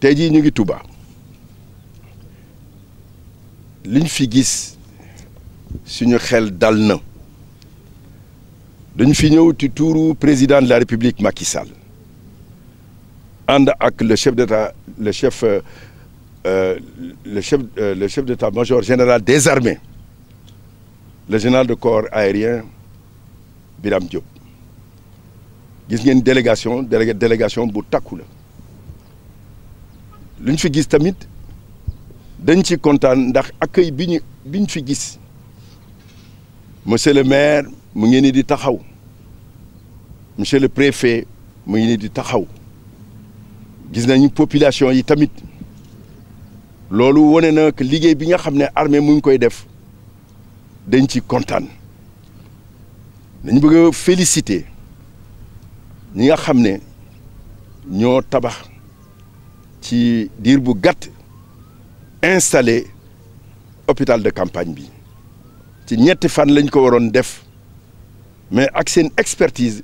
te jii ñu ngi Touba ñu fi gis suñu xel dal na dañu fi ñëw ci tuuru président de la République Macky Sall ànd ak le chef d'état le chef euh, le chef euh, le chef d'état-major général des armées le général de corps aérien Birame Diop gis ngeen délégation délégation bu takku la. lu ñu fi gis tamit dañ ci kontaan ndax accueil bi ñu bi ñu fi gis monsieur le maire mu ngi ni di taxaw monsieur le préfet mu ngi ni di taxaw gis nañu population yi tamit loolu wane na que liggéey bi nga xam ne armée mu ngi koy def dañ ci kontaan dañ bëgg a féliciter ñi nga xam ne ñoo tabax. ci diir bu gàtt installé hôpital de campagne bi ci ñetti fan lañ ko waroon def mais ak seen expertise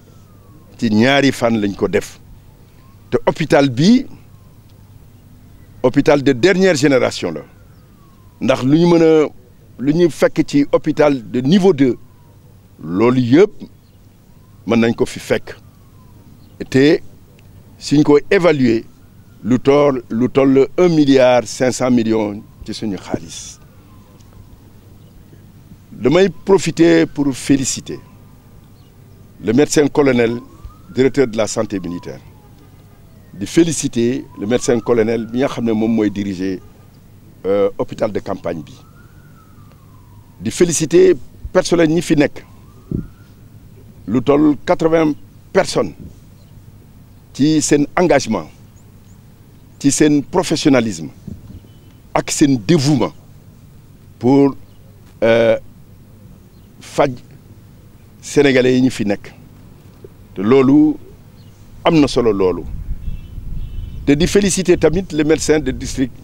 ci ñaari fan lañ ko def te hôpital bi hôpital de dernière génération la ndax lu ñu mën a lu ñu fekk ci hôpital de niveau de loolu yëpp mën nañ ko fi fekk te suñ ko évaluer lu tool lu toll un milliard cinq cent millions ci suñu xaalis damay profiter pour féliciter le médecin colonel directeur de la santé militaire di féliciter lu médecin colonel bi nga xam ne moom mooy diriger euh, hôpital de campagne bi di féliciter personnel ñi fi nekk lu toll quatre-vingts personnes ci seen engagement ci seen professionnalisme ak seen dévouement pour euh, faj sénégalais yi ñu fi nekk te loolu am na solo loolu te di féliciter tamit les médecins de district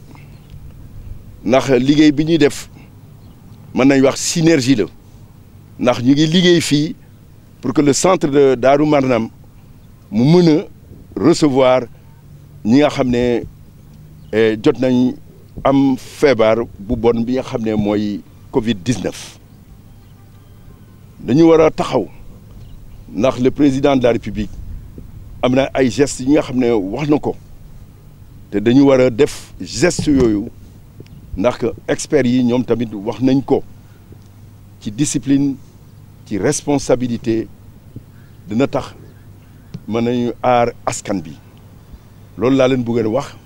ndax liggéey bi ñuy def mën nañu wax synergie la ndax ñu ngi liggéey fii pour que le centre de Darou Marnam mu mën a recevoir ñi nga xam ne Eh, jot nañ am feebar bu bon bi nga xam ne mooy Covid 19 dañu war a taxaw ndax le président de la république am na ay gestes yi nga xam ne wax na ko te dañu war a def geste yooyu ndax experts yi ñoom tamit wax nañ ko ci discipline ci responsabilité dina tax mën nañu aar askan bi loolu laa leen bëggoon wax.